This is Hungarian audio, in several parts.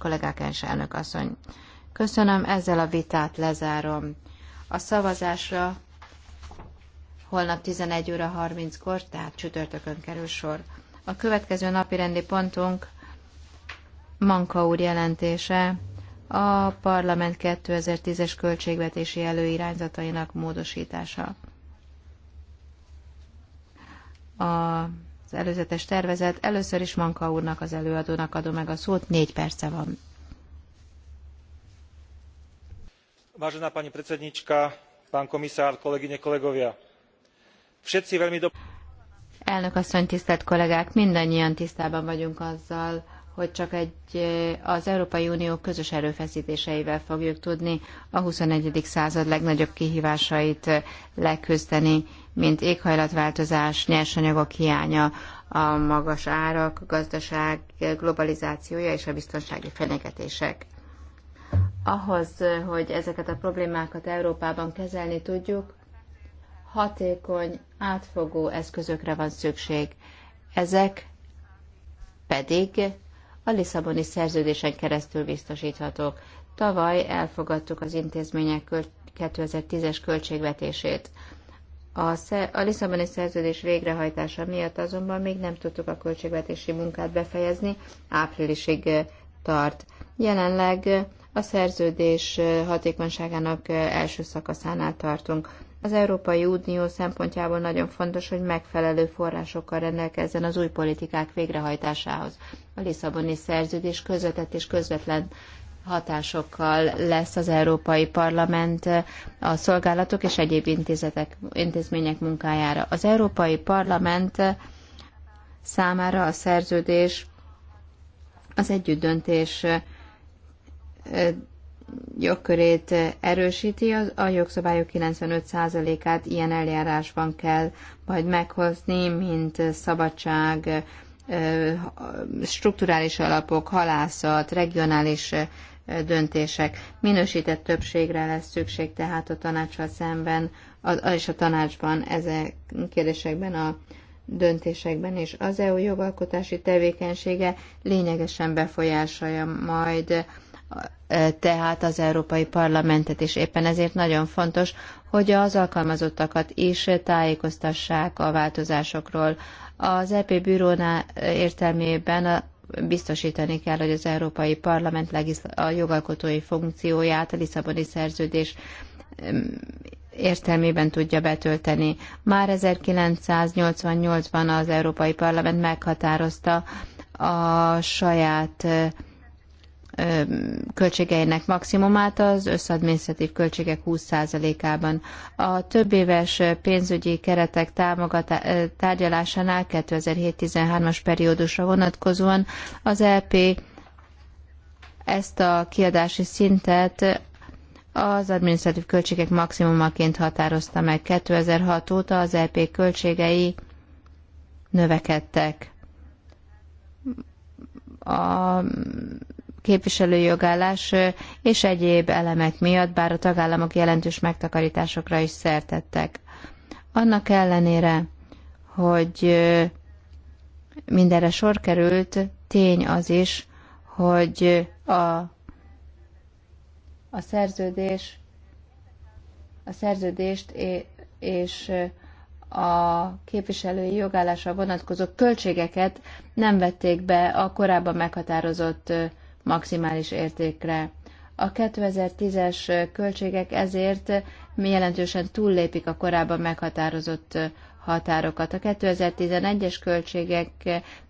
kollégák és elnök asszony. Köszönöm, ezzel a vitát lezárom. A szavazásra holnap 11 óra 30-kor, tehát csütörtökön kerül sor. A következő napi rendi pontunk Manka úr jelentése a parlament 2010-es költségvetési előirányzatainak módosítása. A az előzetes tervezet. Először is Manka úrnak, az előadónak adom meg a szót, négy perce van. Vážená pani predsednička, pán komisár, kolegyne, kolegovia. Všetci veľmi do... Elnök asszony, tisztelt kollégák, mindannyian tisztában vagyunk azzal, hogy csak egy eh, az Európai Unió közös erőfeszítéseivel fogjuk tudni a 21. század legnagyobb kihívásait eh, leküzdeni, mint éghajlatváltozás, nyersanyagok hiánya, a magas árak, a gazdaság globalizációja és a biztonsági fenyegetések. Ahhoz, hogy ezeket a problémákat Európában kezelni tudjuk, hatékony, átfogó eszközökre van szükség. Ezek pedig a Lisszaboni szerződésen keresztül biztosíthatók. Tavaly elfogadtuk az intézmények 2010-es költségvetését. A, a Lisszaboni szerződés végrehajtása miatt azonban még nem tudtuk a költségvetési munkát befejezni, áprilisig tart. Jelenleg a szerződés hatékonyságának első szakaszánál tartunk. Az Európai Unió szempontjából nagyon fontos, hogy megfelelő forrásokkal rendelkezzen az új politikák végrehajtásához. A Lisszaboni szerződés közvetett és közvetlen hatásokkal lesz az Európai Parlament eh, a szolgálatok és egyéb intézetek, intézmények munkájára. Az Európai Parlament eh, számára a szerződés az együttdöntés eh, jogkörét erősíti, a jogszabályok 95%-át ilyen eljárásban kell majd meghozni, mint szabadság, strukturális alapok, halászat, regionális döntések. Minősített többségre lesz szükség tehát a tanácssal szemben, az, és a tanácsban ezek kérdésekben a döntésekben, és az EU jogalkotási tevékenysége lényegesen befolyásolja majd e, tehát az Európai Parlamentet, és éppen ezért nagyon fontos, hogy az alkalmazottakat is tájékoztassák a változásokról. Az EP bűrónál értelmében biztosítani kell, hogy az Európai Parlament a jogalkotói funkcióját a Lisszaboni szerződés értelmében tudja betölteni. Már 1988-ban az Európai Parlament meghatározta a saját költségeinek maximumát az összadminisztratív költségek 20%-ában. A több éves pénzügyi keretek tárgyalásánál 2007-13-as periódusra vonatkozóan az EP ezt a kiadási szintet az adminisztratív költségek maximumaként határozta meg. 2006 óta az EP költségei növekedtek. A képviselőjogállás és egyéb elemek miatt, bár a tagállamok jelentős megtakarításokra is szertettek. Annak ellenére, hogy mindenre sor került, tény az is, hogy a, a szerződés a szerződést és a képviselői jogállásra vonatkozó költségeket nem vették be a korábban meghatározott maximális értékre. A 2010-es költségek ezért jelentősen túllépik a korábban meghatározott határokat. A 2011-es költségek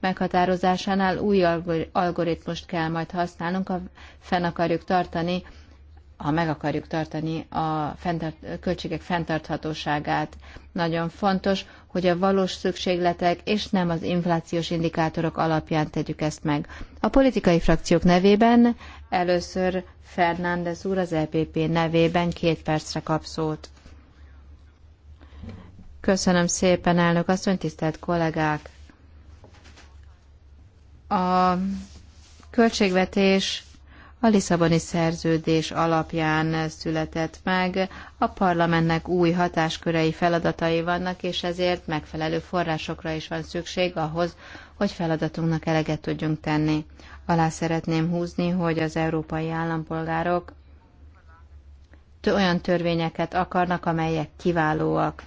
meghatározásánál új algoritmust kell majd használnunk, ha fenn akarjuk tartani ha meg akarjuk tartani a fenntart, költségek fenntarthatóságát. Nagyon fontos, hogy a valós szükségletek és nem az inflációs indikátorok alapján tegyük ezt meg. A politikai frakciók nevében először Fernández úr az EPP nevében két percre kap szót. Köszönöm szépen, elnök asszony, tisztelt kollégák! A költségvetés a Lisszaboni szerződés alapján született meg, a parlamentnek új hatáskörei feladatai vannak, és ezért megfelelő forrásokra is van szükség ahhoz, hogy feladatunknak eleget tudjunk tenni. Alá szeretném húzni, hogy az európai állampolgárok olyan törvényeket akarnak, amelyek kiválóak.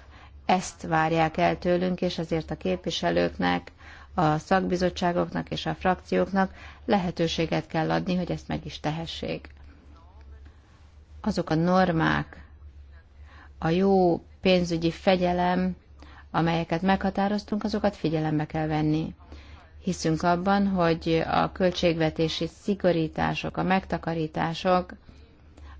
Ezt várják el tőlünk, és ezért a képviselőknek a szakbizottságoknak és a frakcióknak lehetőséget kell adni, hogy ezt meg is tehessék. Azok a normák, a jó pénzügyi fegyelem, amelyeket meghatároztunk, azokat figyelembe kell venni. Hiszünk abban, hogy a költségvetési szigorítások, a megtakarítások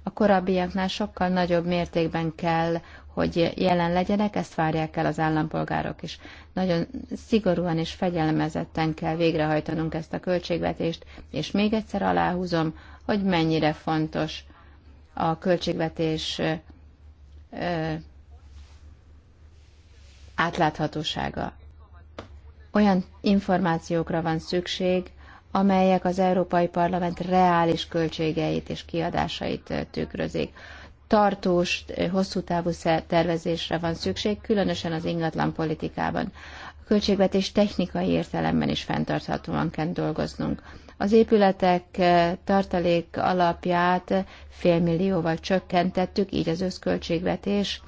a korábbiaknál sokkal nagyobb mértékben kell, hogy jelen legyenek, ezt várják el az állampolgárok is. Nagyon szigorúan és fegyelmezetten kell végrehajtanunk ezt a költségvetést, és még egyszer aláhúzom, hogy mennyire fontos a költségvetés átláthatósága. Olyan információkra van szükség, amelyek az Európai Parlament reális költségeit és kiadásait tükrözik. Tartós, hosszú távú tervezésre van szükség, különösen az ingatlan politikában. A költségvetés technikai értelemben is fenntarthatóan kell dolgoznunk. Az épületek tartalék alapját félmillióval csökkentettük, így az összköltségvetés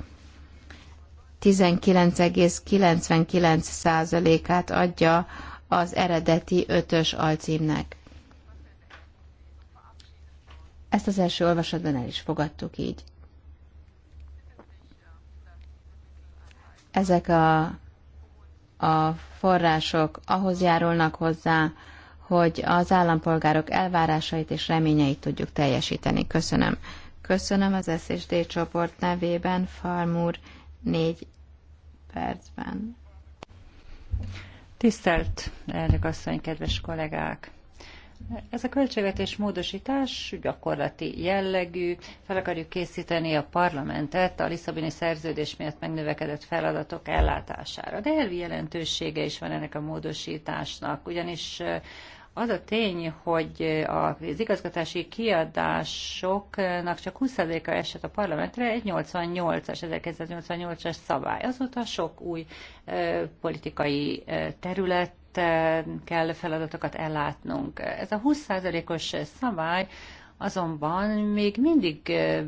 19,99%-át adja az eredeti ötös alcímnek. Ezt az első olvasatban el is fogadtuk így. Ezek a, a források ahhoz járulnak hozzá, hogy az állampolgárok elvárásait és reményeit tudjuk teljesíteni. Köszönöm. Köszönöm az SSD csoport nevében, Farmúr, négy percben. Tisztelt elnök asszony, kedves kollégák! Ez a költségvetés módosítás gyakorlati jellegű, fel akarjuk készíteni a parlamentet a Lisszaboni szerződés miatt megnövekedett feladatok ellátására. De elvi jelentősége is van ennek a módosításnak, ugyanis az a tény, hogy az igazgatási kiadásoknak csak 20%-a esett a parlamentre, egy 88-as, 1988-as szabály. Azóta sok új ö, politikai ö, terület kell feladatokat ellátnunk. Ez a 20%-os szabály azonban még mindig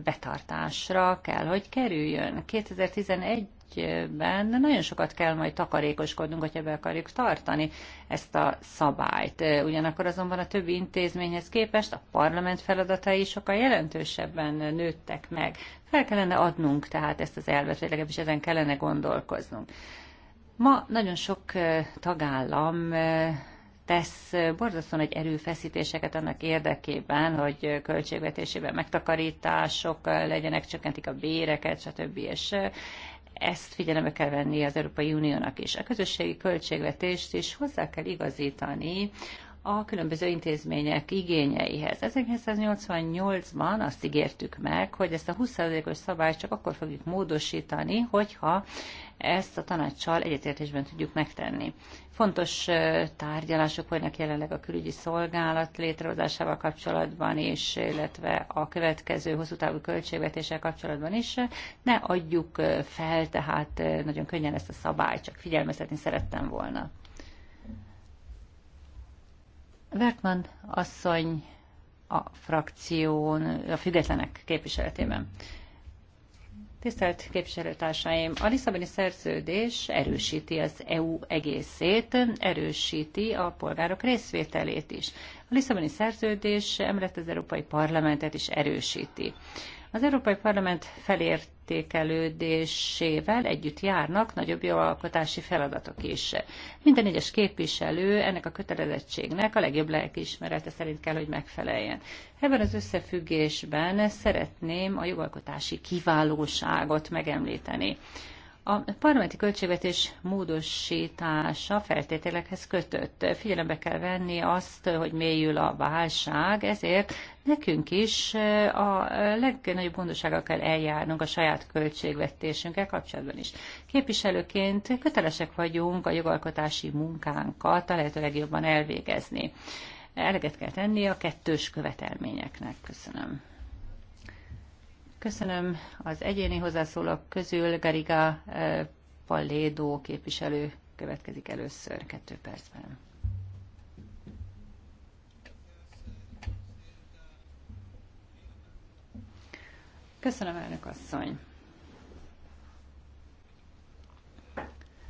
betartásra kell, hogy kerüljön. 2011 2021-ben nagyon sokat kell majd takarékoskodnunk, hogyha be akarjuk tartani ezt a szabályt. Ugyanakkor azonban a többi intézményhez képest a parlament feladatai sokkal jelentősebben nőttek meg. Fel kellene adnunk tehát ezt az elvet, vagy legalábbis ezen kellene gondolkoznunk. Ma nagyon sok tagállam tesz borzasztóan egy erőfeszítéseket annak érdekében, hogy költségvetésében megtakarítások legyenek, csökkentik a béreket, stb. És ezt figyelembe kell venni az Európai Uniónak is. A közösségi költségvetést is hozzá kell igazítani a különböző intézmények igényeihez. 1988-ban azt ígértük meg, hogy ezt a 20%-os szabályt csak akkor fogjuk módosítani, hogyha ezt a tanácssal egyetértésben tudjuk megtenni. Fontos tárgyalások vannak jelenleg a külügyi szolgálat létrehozásával kapcsolatban is, illetve a következő hosszú távú költségvetéssel kapcsolatban is. Ne adjuk fel, tehát nagyon könnyen ezt a szabályt, csak figyelmeztetni szerettem volna. Vertman asszony a frakción, a függetlenek képviseletében. Tisztelt képviselőtársaim, a Lisszaboni szerződés erősíti az EU egészét, erősíti a polgárok részvételét is. A Lisszaboni szerződés emellett az Európai Parlamentet is erősíti. Az Európai Parlament felértékelődésével együtt járnak nagyobb jogalkotási feladatok is. Minden egyes képviselő ennek a kötelezettségnek a legjobb lelkiismerete szerint kell, hogy megfeleljen. Ebben az összefüggésben szeretném a jogalkotási kiválóságot megemlíteni. A parlamenti költségvetés módosítása feltételekhez kötött. Figyelembe kell venni azt, hogy mélyül a válság, ezért nekünk is a legnagyobb gondossággal kell eljárnunk a saját költségvetésünkkel kapcsolatban is. Képviselőként kötelesek vagyunk a jogalkotási munkánkat a lehető legjobban elvégezni. Eleget kell tenni a kettős követelményeknek. Köszönöm. Köszönöm az egyéni hozzászólók közül. Gariga eh, Pallédó képviselő következik először kettő percben. Köszönöm, elnök asszony.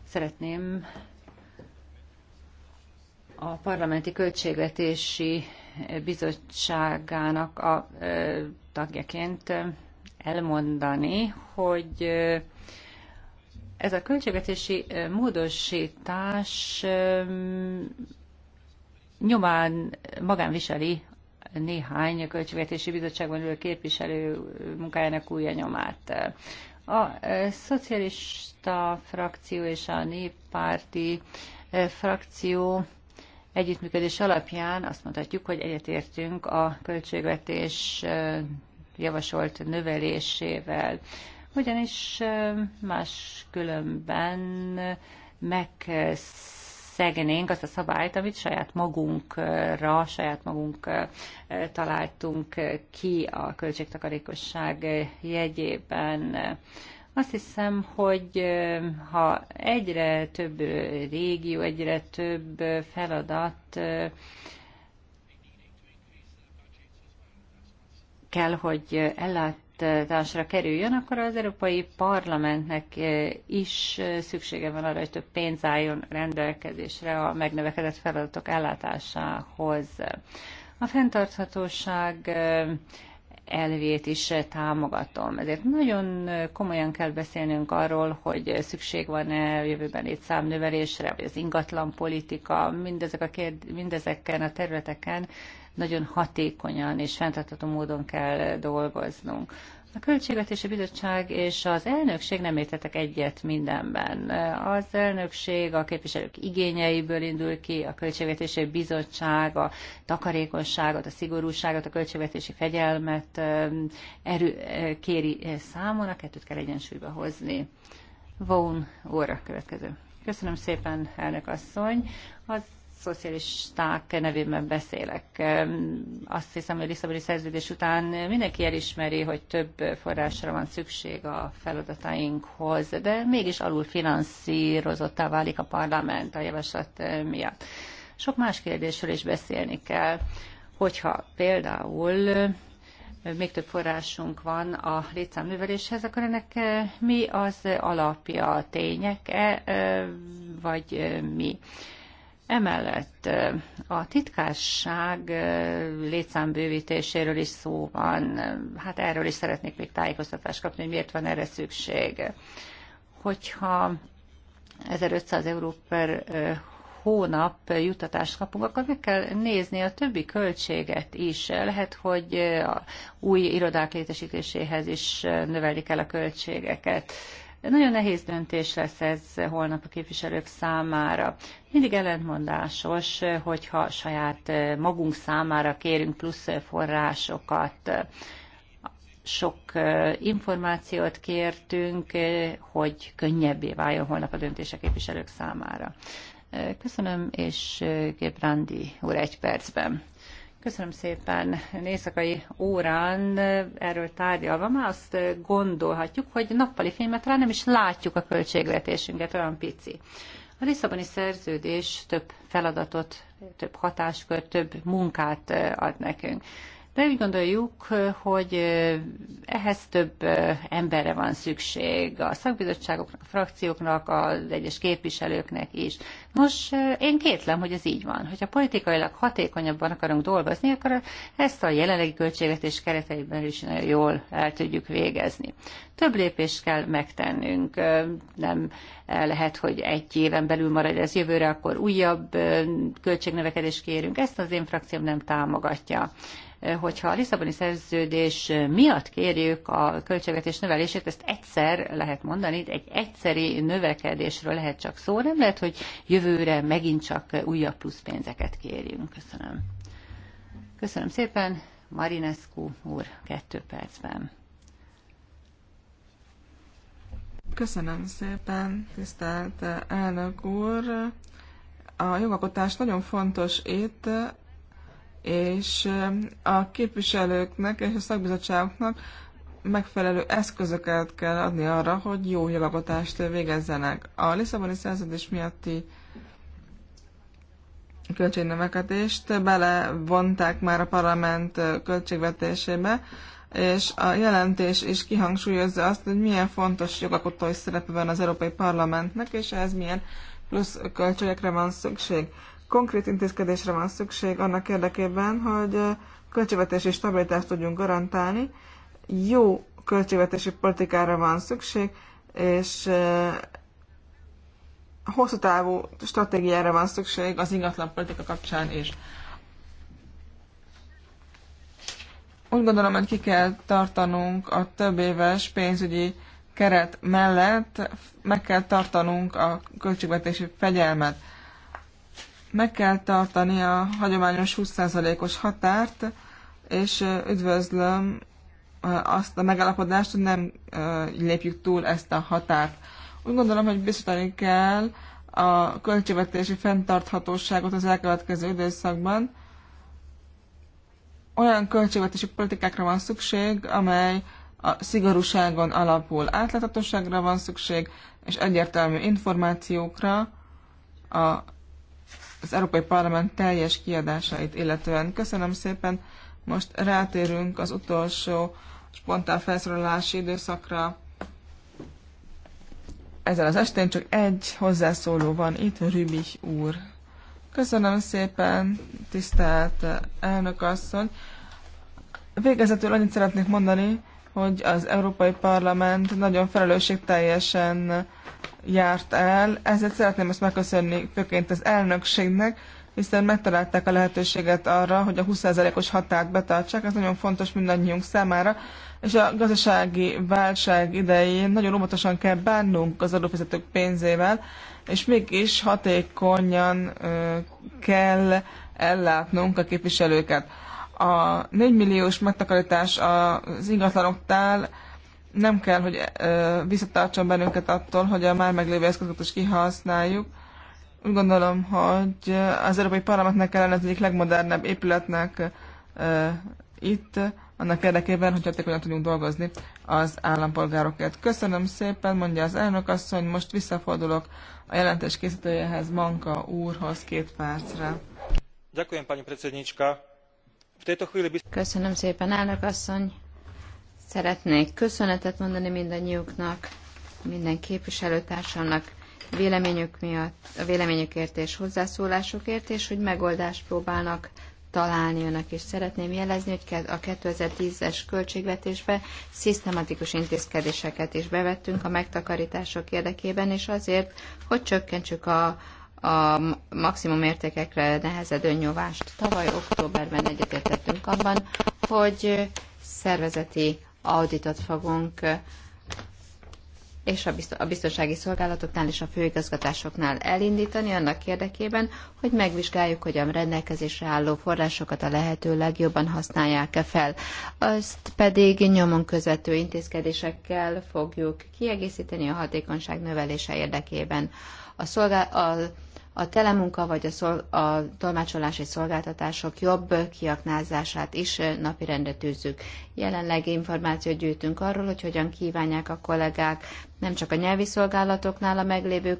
Szeretném a Parlamenti Költségvetési Bizottságának a eh, tagjaként eh, elmondani, hogy ez a költségvetési módosítás nyomán magán viseli néhány költségvetési bizottságban ülő képviselő munkájának új nyomát. A szocialista frakció és a néppárti frakció együttműködés alapján azt mondhatjuk, hogy egyetértünk a költségvetés javasolt növelésével, ugyanis máskülönben megszegnénk azt a szabályt, amit saját magunkra, saját magunk találtunk ki a költségtakarékosság jegyében. Azt hiszem, hogy ha egyre több régió, egyre több feladat kell, hogy ellátásra kerüljön, akkor az Európai Parlamentnek eh, is eh, szüksége van arra, hogy több pénz álljon rendelkezésre a megnövekedett feladatok ellátásához. A fenntarthatóság eh, elvét is támogatom. Ezért nagyon komolyan kell beszélnünk arról, hogy szükség van-e jövőben itt számnövelésre, vagy az ingatlan politika, mindezek a kérd- mindezeken a területeken nagyon hatékonyan és fenntartható módon kell dolgoznunk. A Költségvetési Bizottság és az elnökség nem értetek egyet mindenben. Az elnökség a képviselők igényeiből indul ki, a Költségvetési Bizottság a takarékosságot, a szigorúságot, a költségvetési fegyelmet um, erő, eh, kéri eh, számon, a kettőt kell egyensúlyba hozni. Vaughn óra következő. Köszönöm szépen, elnök asszony. Az szocialisták nevében beszélek. Azt hiszem, hogy a Lisszaboni szerződés után mindenki elismeri, hogy több forrásra van szükség a feladatainkhoz, de mégis alul finanszírozottá válik a parlament a javaslat miatt. Sok más kérdésről is beszélni kell, hogyha például még több forrásunk van a létszámműveléshez, akkor ennek eh, mi az alapja, tények-e, eh, vagy eh, mi? Emellett a titkárság létszámbővítéséről is szó van. Hát erről is szeretnék még tájékoztatást kapni, hogy miért van erre szükség. Hogyha 1500 euró per hónap juttatást kapunk, akkor meg kell nézni a többi költséget is. Lehet, hogy a új irodák létesítéséhez is növelik el a költségeket. Nagyon nehéz döntés lesz ez holnap a képviselők számára. Mindig ellentmondásos, hogyha saját magunk számára kérünk plusz forrásokat, sok információt kértünk, hogy könnyebbé váljon holnap a döntés a képviselők számára. Köszönöm, és Gébrandi úr egy percben. Köszönöm szépen. Éjszakai órán erről tárgyalva már azt gondolhatjuk, hogy nappali fényben talán nem is látjuk a költségvetésünket, olyan pici. A Lisszaboni szerződés több feladatot, több hatáskört, több munkát ad nekünk de úgy gondoljuk, hogy ehhez több emberre van szükség, a szakbizottságoknak, a frakcióknak, az egyes képviselőknek is. Nos, én kétlem, hogy ez így van. Hogyha politikailag hatékonyabban akarunk dolgozni, akkor ezt a jelenlegi költségvetés kereteiben is nagyon jól el tudjuk végezni. Több lépést kell megtennünk. Nem lehet, hogy egy éven belül marad ez jövőre, akkor újabb költségnövekedést kérünk. Ezt az én frakcióm nem támogatja hogyha a Lisszaboni szerződés miatt kérjük a költségvetés növelését, ezt egyszer lehet mondani, egy egyszeri növekedésről lehet csak szó, nem lehet, hogy jövőre megint csak újabb plusz pénzeket kérjünk. Köszönöm. Köszönöm szépen. Marinescu úr, kettő percben. Köszönöm szépen, tisztelt elnök úr. A jogalkotás nagyon fontos itt, és eh, a képviselőknek és a szakbizottságoknak megfelelő eszközöket kell adni arra, hogy jó jogalkotást végezzenek. A Lisszaboni szerződés miatti költségnövekedést belevonták már a parlament eh, költségvetésébe, és a jelentés is kihangsúlyozza azt, hogy milyen fontos jogalkotói szerepe van az Európai Parlamentnek, és ez milyen plusz költségekre van szükség. Konkrét intézkedésre van szükség annak érdekében, hogy költségvetési stabilitást tudjunk garantálni. Jó költségvetési politikára van szükség, és hosszú távú stratégiára van szükség az ingatlan politika kapcsán is. Úgy gondolom, hogy ki kell tartanunk a több éves pénzügyi keret mellett, meg kell tartanunk a költségvetési fegyelmet. Meg kell tartani a hagyományos 20%-os határt, és üdvözlöm azt a megállapodást, hogy nem lépjük túl ezt a határt. Úgy gondolom, hogy biztosítani kell a költségvetési fenntarthatóságot az elkövetkező időszakban. Olyan költségvetési politikákra van szükség, amely a szigorúságon alapul. Átláthatóságra van szükség, és egyértelmű információkra a az Európai Parlament teljes kiadásait illetően. Köszönöm szépen, most rátérünk az utolsó spontán felszorolási időszakra. Ezzel az estén csak egy hozzászóló van itt, Rübich úr. Köszönöm szépen, tisztelt elnök asszony. Végezetül annyit szeretnék mondani, hogy az Európai Parlament nagyon felelősségteljesen járt el. Ezért szeretném ezt megköszönni főként az elnökségnek, hiszen megtalálták a lehetőséget arra, hogy a 20%-os határt betartsák, ez nagyon fontos mindannyiunk számára, és a gazdasági válság idején nagyon óvatosan kell bánnunk az adófizetők pénzével, és mégis hatékonyan kell ellátnunk a képviselőket a 4 milliós megtakarítás az ingatlanoknál nem kell, hogy visszatartson bennünket attól, hogy a már meglévő eszközöket is kihasználjuk. Úgy gondolom, hogy az Európai Parlamentnek kellene az egyik legmodernebb épületnek itt, annak érdekében, hogy hatékonyan tudjunk dolgozni az állampolgárokért. Köszönöm szépen, mondja az elnök asszony, most visszafordulok a jelentés készítőjehez, Manka úrhoz két percre. Köszönöm, pani Köszönöm szépen, elnök asszony. Szeretnék köszönetet mondani mindannyiuknak, minden képviselőtársamnak véleményük miatt, a véleményükért és hozzászólásukért, és hogy megoldást próbálnak találni önök, és szeretném jelezni, hogy a 2010-es költségvetésbe szisztematikus intézkedéseket is bevettünk a megtakarítások érdekében, és azért, hogy csökkentsük a, a maximum értékekre nehezedő nyomást. Tavaly októberben egyetértettünk abban, hogy szervezeti auditot fogunk és a biztonsági szolgálatoknál és a főigazgatásoknál elindítani annak érdekében, hogy megvizsgáljuk, hogy a rendelkezésre álló forrásokat a lehető legjobban használják-e fel. Azt pedig nyomon közvető intézkedésekkel fogjuk kiegészíteni a hatékonyság növelése érdekében. A, szolgál- a a telemunka vagy a, szol- a tolmácsolási szolgáltatások jobb kiaknázását is napirendre tűzzük. Jelenleg információt gyűjtünk arról, hogy hogyan kívánják a kollégák nem csak a nyelvi szolgálatoknál a meglévő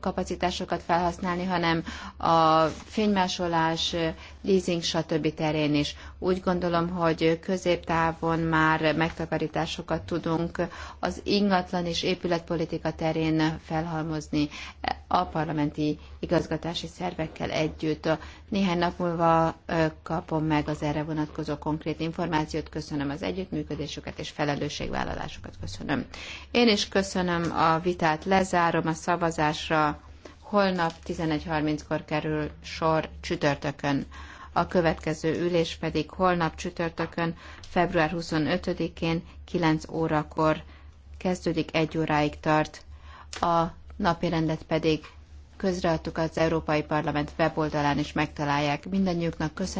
kapacitásokat felhasználni, hanem a fénymásolás, leasing, stb. terén is. Úgy gondolom, hogy középtávon már megtakarításokat tudunk az ingatlan és épületpolitika terén felhalmozni a parlamenti igazgatási szervekkel együtt. Néhány nap múlva kapom meg az erre vonatkozó konkrét információt. Köszönöm az együttműködésüket és felelősségvállalásukat. Köszönöm. Én is köszönöm a vitát, lezárom a szavazásra. Holnap 11.30-kor kerül sor csütörtökön. A következő ülés pedig holnap csütörtökön, február 25-én 9 órakor kezdődik, egy óráig tart. A napi rendet pedig közreadtuk az Európai Parlament weboldalán is megtalálják. mindannyiuknak. köszönöm.